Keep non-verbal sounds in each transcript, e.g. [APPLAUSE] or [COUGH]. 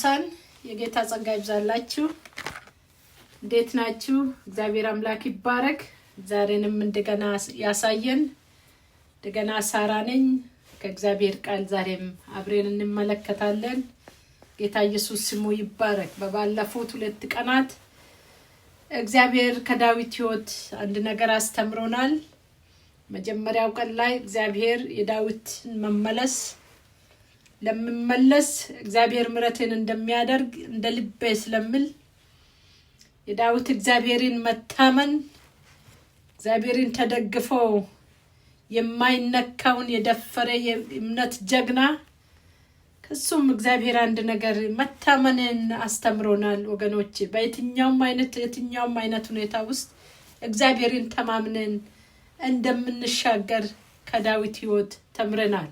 ቅዱሳን የጌታ ጸጋ ይብዛላችሁ። እንዴት ናችሁ? እግዚአብሔር አምላክ ይባረክ። ዛሬንም እንደገና ያሳየን። እንደገና ሳራ ነኝ ከእግዚአብሔር ቃል ዛሬም አብሬን እንመለከታለን። ጌታ ኢየሱስ ስሙ ይባረክ። በባለፉት ሁለት ቀናት እግዚአብሔር ከዳዊት ሕይወት አንድ ነገር አስተምሮናል። መጀመሪያው ቀን ላይ እግዚአብሔር የዳዊትን መመለስ ለምመለስ እግዚአብሔር ምረትን እንደሚያደርግ እንደ ልቤ ስለምል የዳዊት እግዚአብሔርን መታመን እግዚአብሔርን ተደግፎ የማይነካውን የደፈረ የእምነት ጀግና ከሱም እግዚአብሔር አንድ ነገር መታመንን አስተምሮናል። ወገኖች በየትኛውም አይነት የትኛውም አይነት ሁኔታ ውስጥ እግዚአብሔርን ተማምነን እንደምንሻገር ከዳዊት ሕይወት ተምረናል።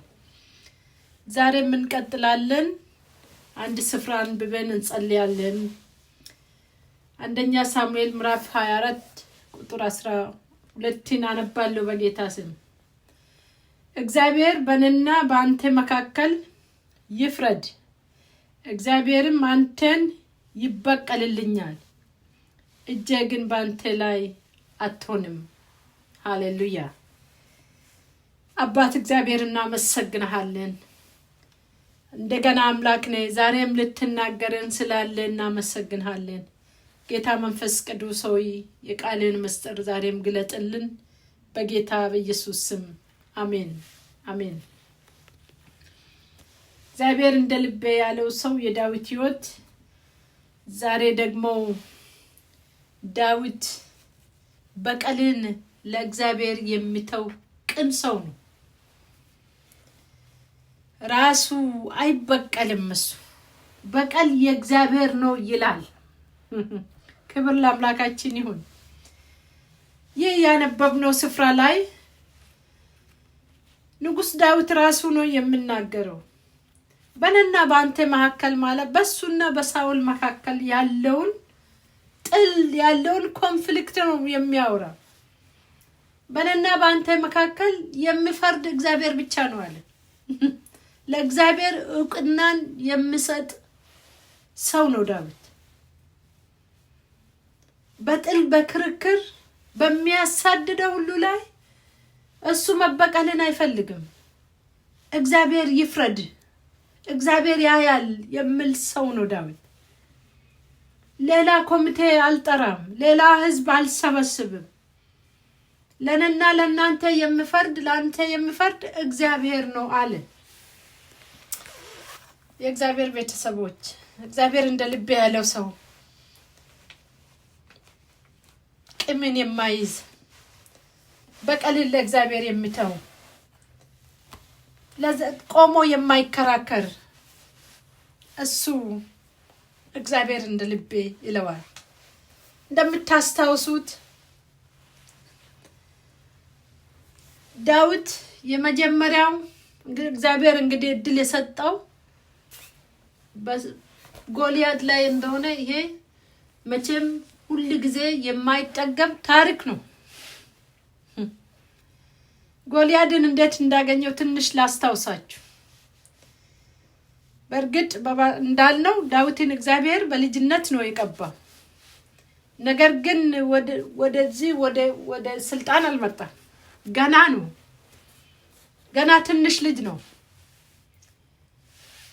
ዛሬም እንቀጥላለን። አንድ ስፍራ አንብበን እንጸልያለን። አንደኛ ሳሙኤል ምዕራፍ 24 ቁጥር 12ን አነባለሁ። በጌታ ስም እግዚአብሔር በእኔና በአንተ መካከል ይፍረድ፣ እግዚአብሔርም አንተን ይበቀልልኛል፣ እጄ ግን በአንተ ላይ አትሆንም። ሃሌሉያ። አባት እግዚአብሔር እናመሰግንሃለን። እንደገና አምላክ ነ ዛሬም ልትናገረን ስላለ እናመሰግንሃለን። ጌታ መንፈስ ቅዱስ ሆይ የቃልን ምስጢር ዛሬም ግለጥልን በጌታ በኢየሱስ ስም አሜን አሜን። እግዚአብሔር እንደ ልቤ ያለው ሰው የዳዊት ህይወት ዛሬ ደግሞ ዳዊት በቀልን ለእግዚአብሔር የሚተው ቅን ሰው ነው። ራሱ አይበቀልም። እሱ በቀል የእግዚአብሔር ነው ይላል። [LAUGHS] ክብር ለአምላካችን ይሁን። ይህ ያነበብነው ስፍራ ላይ ንጉሥ ዳዊት ራሱ ነው የምናገረው። በእኔና በአንተ መካከል ማለት በእሱና በሳውል መካከል ያለውን ጥል ያለውን ኮንፍሊክት ነው የሚያወራ። በእኔና በአንተ መካከል የሚፈርድ እግዚአብሔር ብቻ ነው አለ። [LAUGHS] ለእግዚአብሔር እውቅናን የምሰጥ ሰው ነው ዳዊት። በጥል በክርክር በሚያሳድደው ሁሉ ላይ እሱ መበቀልን አይፈልግም። እግዚአብሔር ይፍረድ፣ እግዚአብሔር ያያል የሚል ሰው ነው ዳዊት። ሌላ ኮሚቴ አልጠራም፣ ሌላ ህዝብ አልሰበስብም። ለእኔና ለእናንተ የምፈርድ ለአንተ የሚፈርድ እግዚአብሔር ነው አለ። የእግዚአብሔር ቤተሰቦች እግዚአብሔር እንደ ልቤ ያለው ሰው ቂምን የማይዝ በቀልን ለእግዚአብሔር የሚተው ቆሞ የማይከራከር እሱ እግዚአብሔር እንደ ልቤ ይለዋል። እንደምታስታውሱት ዳዊት የመጀመሪያው እግዚአብሔር እንግዲህ እድል የሰጠው ጎልያድ ላይ እንደሆነ ይሄ መቼም ሁል ጊዜ የማይጠገም ታሪክ ነው። ጎልያድን እንዴት እንዳገኘው ትንሽ ላስታውሳችሁ። በእርግጥ እንዳልነው ዳዊትን እግዚአብሔር በልጅነት ነው የቀባው። ነገር ግን ወደዚህ ወደ ስልጣን አልመጣም። ገና ነው። ገና ትንሽ ልጅ ነው።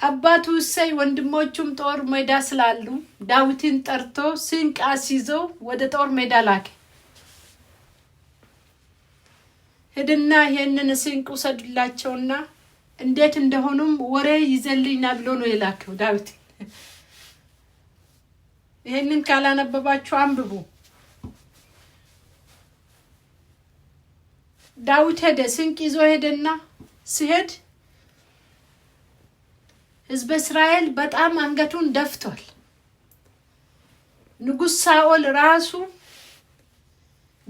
አባቱ እሰይ ወንድሞቹም ጦር ሜዳ ስላሉ ዳዊትን ጠርቶ ስንቅ አስይዘው ወደ ጦር ሜዳ ላከ። ሂድና ይህንን ስንቅ ውሰዱላቸውና እንዴት እንደሆኑም ወሬ ይዘልኝና ብሎ ነው የላከው ዳዊት። ይህንን ካላነበባችሁ አንብቡ። ዳዊት ሄደ፣ ስንቅ ይዞ ሄደና ሲሄድ ህዝበ እስራኤል በጣም አንገቱን ደፍቷል። ንጉሥ ሳኦል ራሱ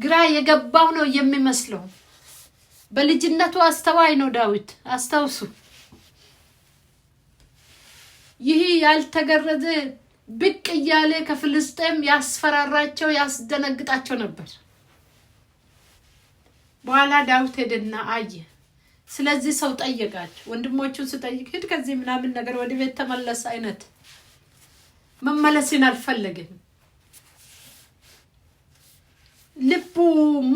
ግራ የገባው ነው የሚመስለው። በልጅነቱ አስተዋይ ነው ዳዊት፣ አስታውሱ። ይህ ያልተገረዘ ብቅ እያለ ከፍልስጤም ያስፈራራቸው ያስደነግጣቸው ነበር። በኋላ ዳዊት ሄደና አየ። ስለዚህ ሰው ጠይቃል። ወንድሞቹን ስጠይቅ ሂድ ከዚህ ምናምን ነገር ወደ ቤት ተመለስ አይነት መመለስን አልፈለግም። ልቡ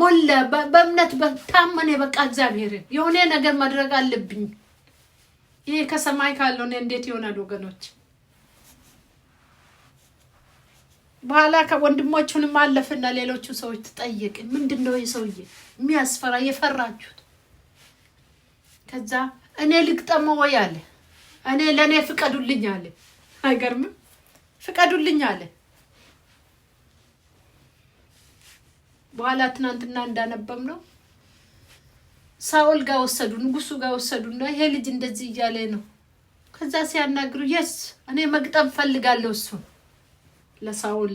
ሞለ በእምነት በታመነ በቃ እግዚአብሔርን የሆነ ነገር ማድረግ አለብኝ። ይሄ ከሰማይ ካልሆነ እንዴት ይሆናል ወገኖች? በኋላ ከወንድሞቹንም አለፍና ሌሎቹ ሰዎች ትጠይቅ ምንድን ነው የሰውዬ የሚያስፈራ የፈራችሁት ከዛ እኔ ልግጠመው ወይ አለ። እኔ ለእኔ ፍቀዱልኝ አለ። አይገርምም? ፍቀዱልኝ አለ። በኋላ ትናንትና እንዳነበም ነው ሳኦል ጋር ወሰዱ፣ ንጉሱ ጋር እና ይሄ ልጅ እንደዚህ እያለ ነው። ከዛ ሲያናግሩ የስ እኔ መግጠም ፈልጋለሁ እሱን ለሳኦል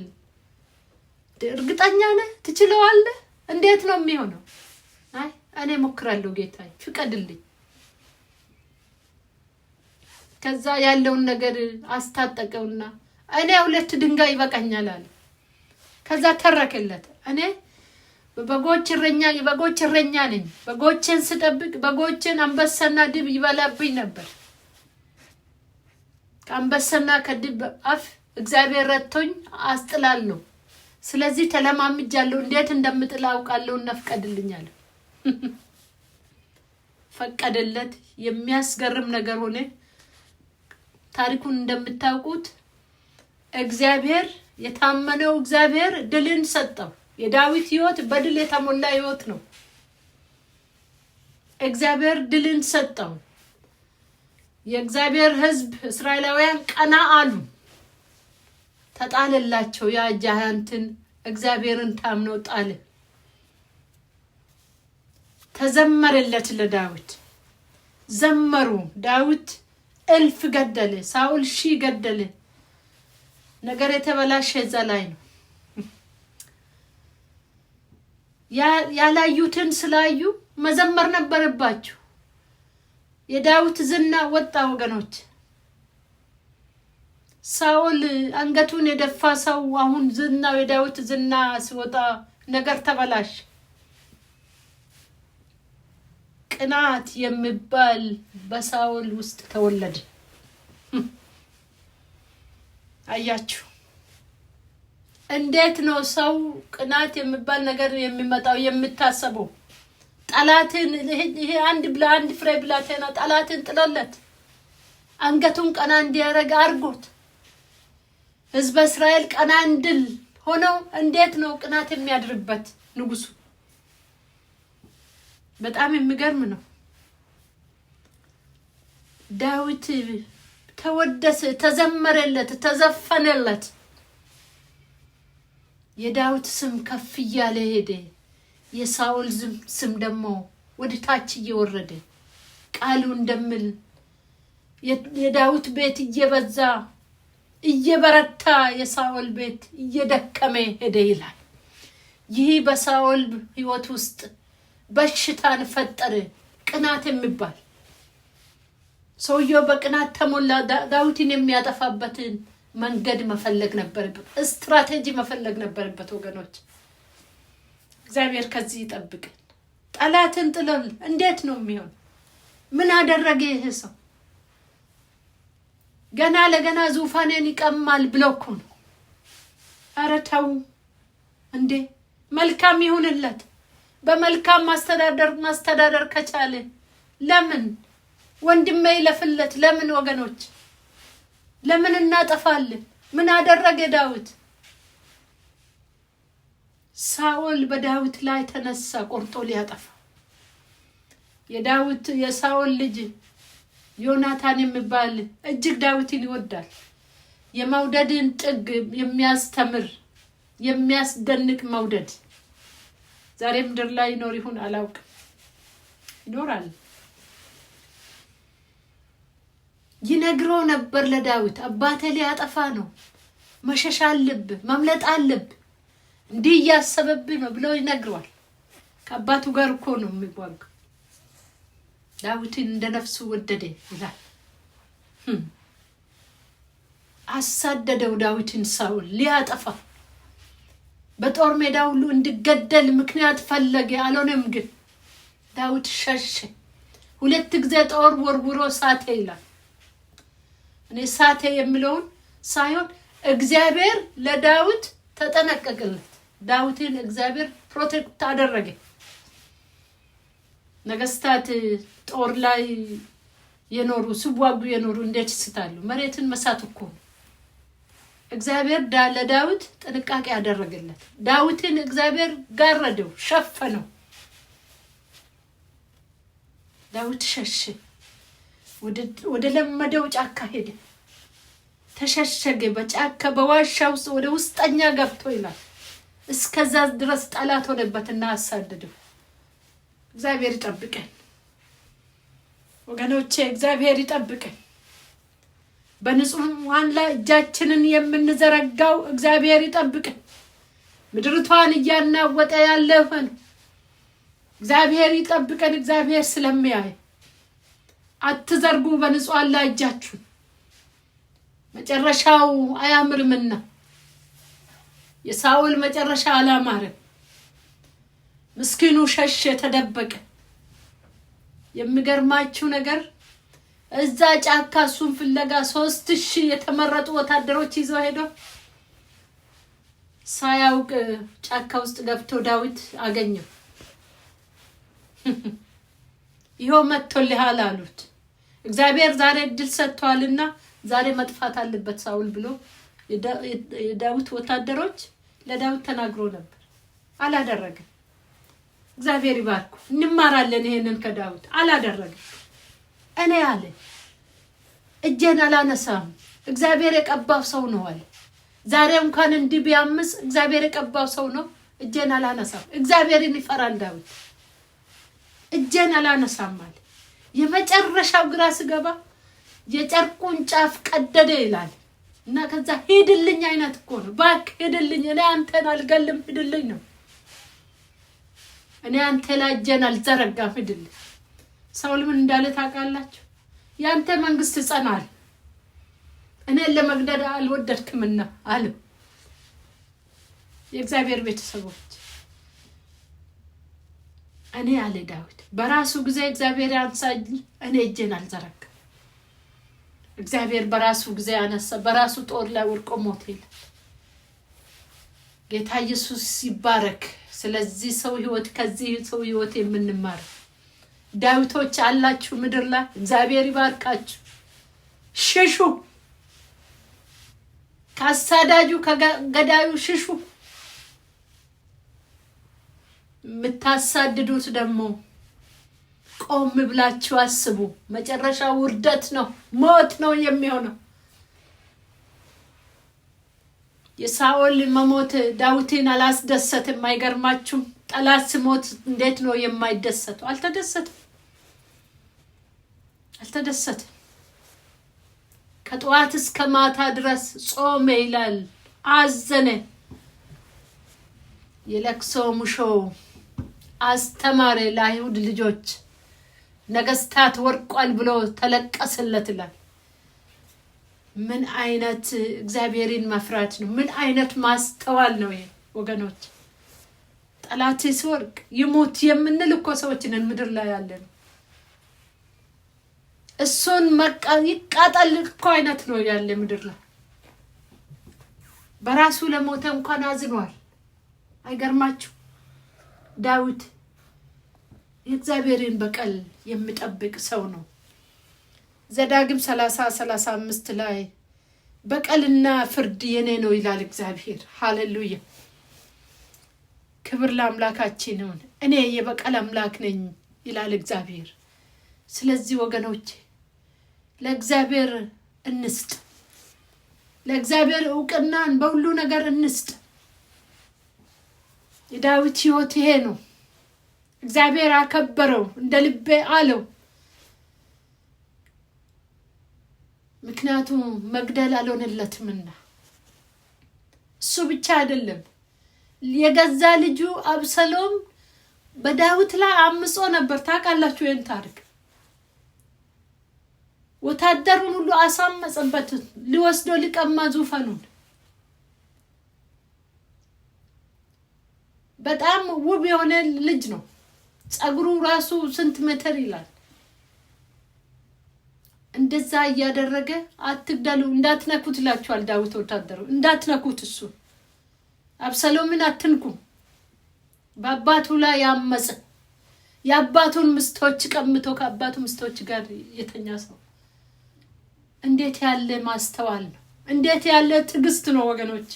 እርግጠኛ ነህ? ትችለዋለህ? እንዴት ነው የሚሆነው? አይ እኔ ሞክራለሁ ጌታ ፍቀድልኝ ከዛ ያለውን ነገር አስታጠቀውና እኔ ሁለት ድንጋይ ይበቃኛል አለ። ከዛ ተረከለት። እኔ በጎች እረኛ በጎች እረኛ ነኝ። በጎችን ስጠብቅ በጎችን አንበሳና ድብ ይበላብኝ ነበር። ከአንበሳና ከድብ አፍ እግዚአብሔር ረድቶኝ አስጥላለሁ። ስለዚህ ተለማምጃለሁ። እንዴት እንደምጥል አውቃለሁ። እናፍቀድልኛለሁ [LAUGHS] ፈቀደለት። የሚያስገርም ነገር ሆኔ ታሪኩን እንደምታውቁት እግዚአብሔር የታመነው እግዚአብሔር ድልን ሰጠው። የዳዊት ህይወት በድል የተሞላ ህይወት ነው። እግዚአብሔር ድልን ሰጠው። የእግዚአብሔር ህዝብ እስራኤላውያን ቀና አሉ፣ ተጣለላቸው። ያ ጃያንትን እግዚአብሔርን ታምነው ጣለ። ተዘመረለት ለዳዊት ዘመሩ ዳዊት እልፍ ገደለ፣ ሳውል ሺ ገደለ። ነገር የተበላሸ እዛ ላይ ነው። ያላዩትን ስላዩ መዘመር ነበረባችሁ። የዳዊት ዝና ወጣ ወገኖች። ሳውል አንገቱን የደፋ ሰው አሁን ዝናው የዳዊት ዝና ሲወጣ ነገር ተበላሽ። ቅናት የሚባል በሳውል ውስጥ ተወለደ። [LAUGHS] አያችሁ እንዴት ነው ሰው ቅናት የሚባል ነገር የሚመጣው? የምታሰበው ጠላትን ይሄ አንድ ብላ አንድ ፍሬ ብላቴና ጠላትን ጥሎለት አንገቱን ቀና እንዲያደርግ አድርጎት ህዝበ እስራኤል ቀና እንድል ሆነው እንዴት ነው ቅናት የሚያድርበት ንጉሱ በጣም የሚገርም ነው። ዳዊት ተወደሰ፣ ተዘመረለት፣ ተዘፈነለት። የዳዊት ስም ከፍ እያለ ሄደ። የሳውል ስም ደግሞ ወደ ታች እየወረደ ቃሉ እንደምል የዳዊት ቤት እየበዛ እየበረታ የሳውል ቤት እየደከመ ሄደ ይላል። ይህ በሳውል ሕይወት ውስጥ በሽታን ፈጠረ። ቅናት የሚባል ሰውየው በቅናት ተሞላ። ዳዊትን የሚያጠፋበትን መንገድ መፈለግ ነበረበት፣ ስትራቴጂ መፈለግ ነበረበት። ወገኖች እግዚአብሔር ከዚህ ይጠብቅን። ጠላትን ጥለል እንዴት ነው የሚሆን? ምን አደረገ ይህ ሰው? ገና ለገና ዙፋኔን ይቀማል ብለው ነው። ኧረ ተው እንዴ! መልካም ይሁንለት። በመልካም ማስተዳደር ማስተዳደር ከቻለ ለምን ወንድሜ ይለፍለት? ለምን ወገኖች ለምን እናጠፋለን? ምን አደረገ ዳዊት? ሳኦል በዳዊት ላይ ተነሳ ቆርጦ ሊያጠፋ። የዳዊት የሳኦል ልጅ ዮናታን የሚባል እጅግ ዳዊትን ይወዳል። የመውደድን ጥግ የሚያስተምር የሚያስደንቅ መውደድ ዛሬ ምድር ላይ ይኖር ይሁን አላውቅም። ይኖራል። ይነግረው ነበር ለዳዊት አባቴ ሊያጠፋ ነው፣ መሸሻ አለብ መምለጥ አለብ እንዲህ እያሰበብህ ነው ብለው ይነግረዋል። ከአባቱ ጋር እኮ ነው የሚዋጋው። ዳዊትን እንደ ነፍሱ ወደደ ይላል። አሳደደው ዳዊትን ሳውል ሊያጠፋ በጦር ሜዳ ሁሉ እንዲገደል ምክንያት ፈለገ። አልሆነም ግን ዳዊት ሸሸ። ሁለት ጊዜ ጦር ወርውሮ ሳቴ ይላል። እኔ ሳቴ የሚለውን ሳይሆን እግዚአብሔር ለዳዊት ተጠነቀቅለት። ዳዊትን እግዚአብሔር ፕሮቴክት አደረገ። ነገስታት ጦር ላይ የኖሩ ሲዋጉ የኖሩ እንዴት ይስታሉ? መሬትን መሳት እኮ ነው። እግዚአብሔር ለዳዊት ጥንቃቄ ያደረገለት ዳዊትን እግዚአብሔር ጋረደው፣ ሸፈነው። ዳዊት ሸሽ ወደ ለመደው ጫካ ሄደ፣ ተሸሸገ። በጫካ በዋሻ ውስጥ ወደ ውስጠኛ ገብቶ ይላል። እስከዛ ድረስ ጠላት ሆነበትና አሳደደው። እግዚአብሔር ይጠብቀን ወገኖቼ፣ እግዚአብሔር ይጠብቀን። በንጹሐን ላይ እጃችንን የምንዘረጋው እግዚአብሔር ይጠብቅን። ምድርቷን እያናወጠ ያለፈን እግዚአብሔር ይጠብቀን። እግዚአብሔር ስለሚያይ አትዘርጉ በንጹሐን ላይ እጃችሁን፣ መጨረሻው አያምርምና። የሳውል መጨረሻ አላማርም። ምስኪኑ ሸሽ የተደበቀ የሚገርማችሁ ነገር እዛ ጫካ እሱን ፍለጋ ሶስት ሺህ የተመረጡ ወታደሮች ይዘው ሄዶ ሳያውቅ ጫካ ውስጥ ገብቶ ዳዊት አገኘው። [LAUGHS] ይኸው መጥቶልሃል አሉት። እግዚአብሔር ዛሬ እድል ሰጥቷልና ዛሬ መጥፋት አለበት ሳውል ብሎ የዳዊት ወታደሮች ለዳዊት ተናግሮ ነበር፣ አላደረግም እግዚአብሔር ይባርኩ። እንማራለን ይሄንን ከዳዊት አላደረገ። እኔ አለ እጄን አላነሳም። እግዚአብሔር የቀባው ሰው ነው አለ። ዛሬ እንኳን እንዲህ ቢያምስ እግዚአብሔር የቀባው ሰው ነው። እጄን አላነሳም። እግዚአብሔርን ይፈራል ዳዊት። እጄን አላነሳም አለ። የመጨረሻው ግራ ስገባ የጨርቁን ጫፍ ቀደደ ይላል እና ከዛ ሂድልኝ አይነት እኮ ነው። እባክህ ሂድልኝ፣ እኔ አንተን አልገልም፣ ሂድልኝ ነው። እኔ አንተ ላይ እጄን አልዘረጋም፣ ሂድልኝ ሳውል ምን እንዳለ ታውቃላችሁ? ያንተ መንግስት ጸናል፣ እኔን ለመግደል አልወደድክምና አለ። የእግዚአብሔር ቤተሰቦች እኔ አለ ዳዊት በራሱ ጊዜ እግዚአብሔር ያንሳኝ፣ እኔ እጄን አልዘረጋም። እግዚአብሔር በራሱ ጊዜ አነሳ፣ በራሱ ጦር ላይ ወድቆ ሞት የለም። ጌታ ኢየሱስ ይባረክ። ስለዚህ ሰው ህይወት ከዚህ ሰው ህይወት የምንማር ዳዊቶች አላችሁ ምድር ላይ እግዚአብሔር ይባርካችሁ። ሽሹ፣ ከአሳዳጁ ከገዳዩ ሽሹ። የምታሳድዱት ደግሞ ቆም ብላችሁ አስቡ። መጨረሻ ውርደት ነው፣ ሞት ነው የሚሆነው። የሳኦል መሞት ዳዊትን አላስደሰትም። አይገርማችሁም? ጠላት ሞት እንዴት ነው የማይደሰተው? አልተደሰትም። አልተደሰትም። ከጠዋት እስከ ማታ ድረስ ጾመ ይላል። አዘነ። የለቅሶ ሙሾ አስተማረ። ለአይሁድ ልጆች ነገስታት ወርቋል ብሎ ተለቀስለት ይላል። ምን አይነት እግዚአብሔርን መፍራት ነው? ምን አይነት ማስተዋል ነው ወገኖች? ጠላት ሲወርቅ ይሙት የምንል እኮ ሰዎችንን ምድር ላይ ያለ ነው። እሱን ይቃጠል እኮ አይነት ነው ያለ ምድር ላይ በራሱ ለሞተ እንኳን አዝኗል። አይገርማችሁ ዳዊት የእግዚአብሔርን በቀል የሚጠብቅ ሰው ነው። ዘዳግም 30 35 ላይ በቀልና ፍርድ የኔ ነው ይላል እግዚአብሔር። ሃሌሉያ ክብር ለአምላካችን ይሁን። እኔ የበቀል አምላክ ነኝ ይላል እግዚአብሔር። ስለዚህ ወገኖቼ ለእግዚአብሔር እንስጥ። ለእግዚአብሔር እውቅናን በሁሉ ነገር እንስጥ። የዳዊት ህይወት ይሄ ነው። እግዚአብሔር አከበረው፣ እንደ ልቤ አለው። ምክንያቱም መግደል አልሆነለትምና እሱ ብቻ አይደለም፣ የገዛ ልጁ አብሰሎም በዳዊት ላይ አምጾ ነበር። ታውቃላችሁ ይህን ታሪክ ወታደሩን ሁሉ አሳመፀበት። ሊወስዶ ሊቀማ ዙፋኑን። በጣም ውብ የሆነ ልጅ ነው። ጸጉሩ ራሱ ስንት ሜትር ይላል። እንደዛ እያደረገ አትግደሉ፣ እንዳትነኩት ይላቸዋል ዳዊት ወታደሩ። እንዳትነኩት እሱ አብሰሎምን አትንኩ፣ በአባቱ ላይ ያመፀ የአባቱን ምስቶች ቀምቶ ከአባቱ ምስቶች ጋር የተኛ ሰው እንዴት ያለ ማስተዋል ነው! እንዴት ያለ ትዕግስት ነው! ወገኖች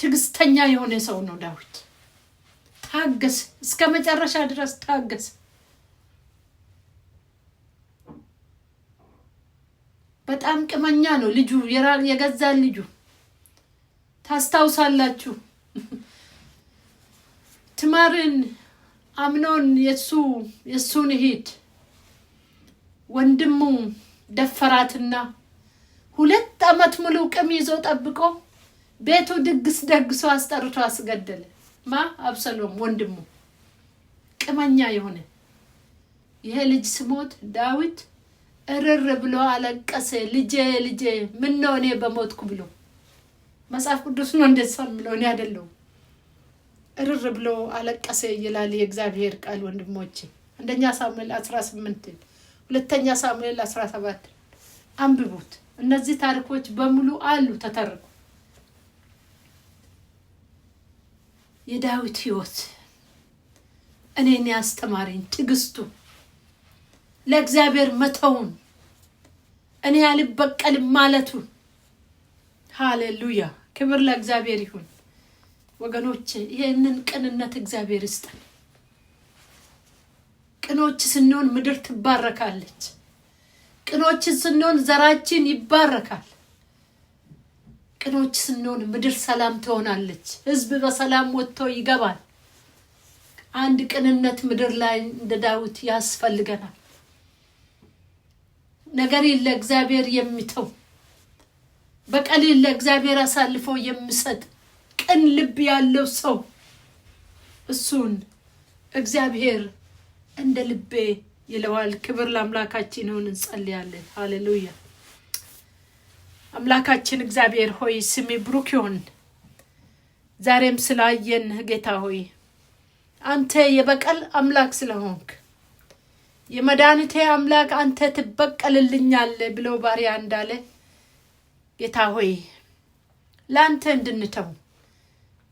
ትዕግስተኛ የሆነ ሰው ነው ዳዊት። ታገስ፣ እስከ መጨረሻ ድረስ ታገስ። በጣም ቅመኛ ነው ልጁ፣ የገዛ ልጁ ታስታውሳላችሁ። ትማርን አምኖን የሱ የእሱን ሂድ ወንድሙ ደፈራትና ሁለት ዓመት ሙሉ ቅም ይዞ ጠብቆ ቤቱ ድግስ ደግሶ አስጠርቶ አስገደለ። ማ አብሰሎም ወንድሙ ቅመኛ የሆነ ይሄ ልጅ ስሞት ዳዊት እርር ብሎ አለቀሰ። ልጄ ልጄ ነው እኔ በሞትኩ ብሎ መጽሐፍ ቅዱስ ነው እንደዛ ብሎ እኔ አይደለሁም እርር ብሎ አለቀሰ ይላል የእግዚአብሔር ቃል ወንድሞቼ አንደኛ ሳሙኤል አስራ ስምንት ሁለተኛ ሳሙኤል 17 አንብቡት። እነዚህ ታሪኮች በሙሉ አሉ ተተርኩ የዳዊት ህይወት እኔን ያስተማሪኝ ትዕግስቱ፣ ለእግዚአብሔር መተውን፣ እኔ አልበቀልም ማለቱ ሃሌሉያ! ክብር ለእግዚአብሔር ይሁን። ወገኖች ይህንን ቅንነት እግዚአብሔር ይስጠን። ቅኖች ስንሆን ምድር ትባረካለች። ቅኖች ስንሆን ዘራችን ይባረካል። ቅኖች ስንሆን ምድር ሰላም ትሆናለች። ህዝብ በሰላም ወጥቶ ይገባል። አንድ ቅንነት ምድር ላይ እንደ ዳዊት ያስፈልገናል። ነገሬን ለእግዚአብሔር የሚተው በቀሌን ለእግዚአብሔር አሳልፎ የሚሰጥ ቅን ልብ ያለው ሰው እሱን እግዚአብሔር እንደ ልቤ ይለዋል። ክብር ለአምላካችን ይሁን፣ እንጸልያለን። ሃሌሉያ። አምላካችን እግዚአብሔር ሆይ ስሜ ብሩክ ይሁን። ዛሬም ስላየን ጌታ ሆይ አንተ የበቀል አምላክ ስለሆንክ የመድኃኒቴ አምላክ አንተ ትበቀልልኛለ ብሎ ባሪያ እንዳለ ጌታ ሆይ ለአንተ እንድንተው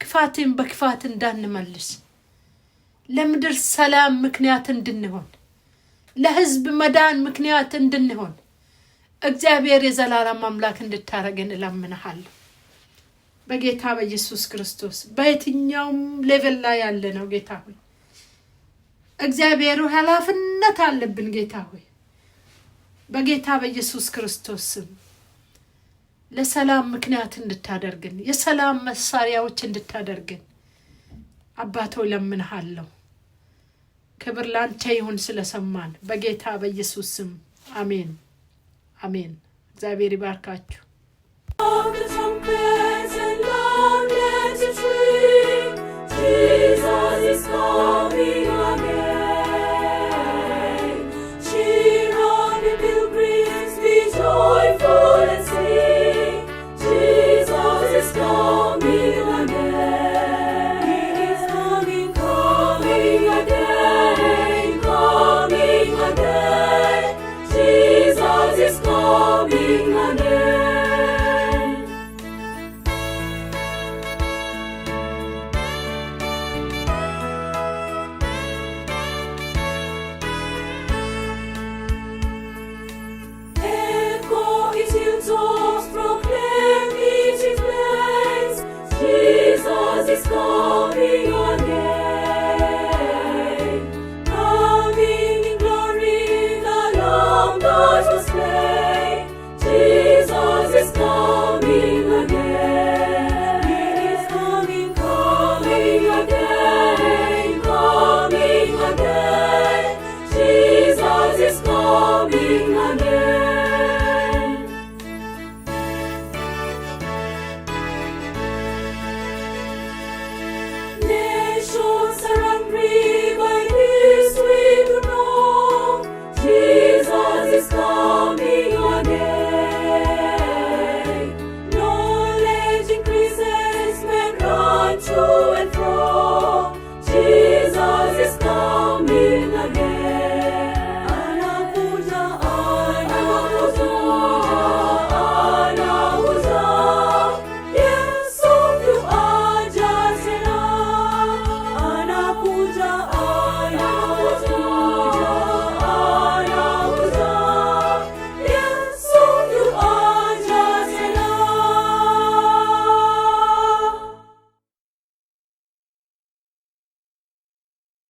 ክፋትን በክፋት እንዳንመልስ ለምድር ሰላም ምክንያት እንድንሆን፣ ለህዝብ መዳን ምክንያት እንድንሆን እግዚአብሔር የዘላለም አምላክ እንድታረገን እለምንሃለሁ በጌታ በኢየሱስ ክርስቶስ። በየትኛውም ሌቨል ላይ ያለ ነው ጌታ ሆይ እግዚአብሔሩ ኃላፊነት አለብን ጌታ ሆይ በጌታ በኢየሱስ ክርስቶስ ስም ለሰላም ምክንያት እንድታደርግን የሰላም መሳሪያዎች እንድታደርግን አባቶ ለምንሃለሁ። ክብር ላንተ ይሁን ስለሰማን፣ በጌታ በኢየሱስ ስም አሜን አሜን። እግዚአብሔር ይባርካችሁ። Jesus is coming.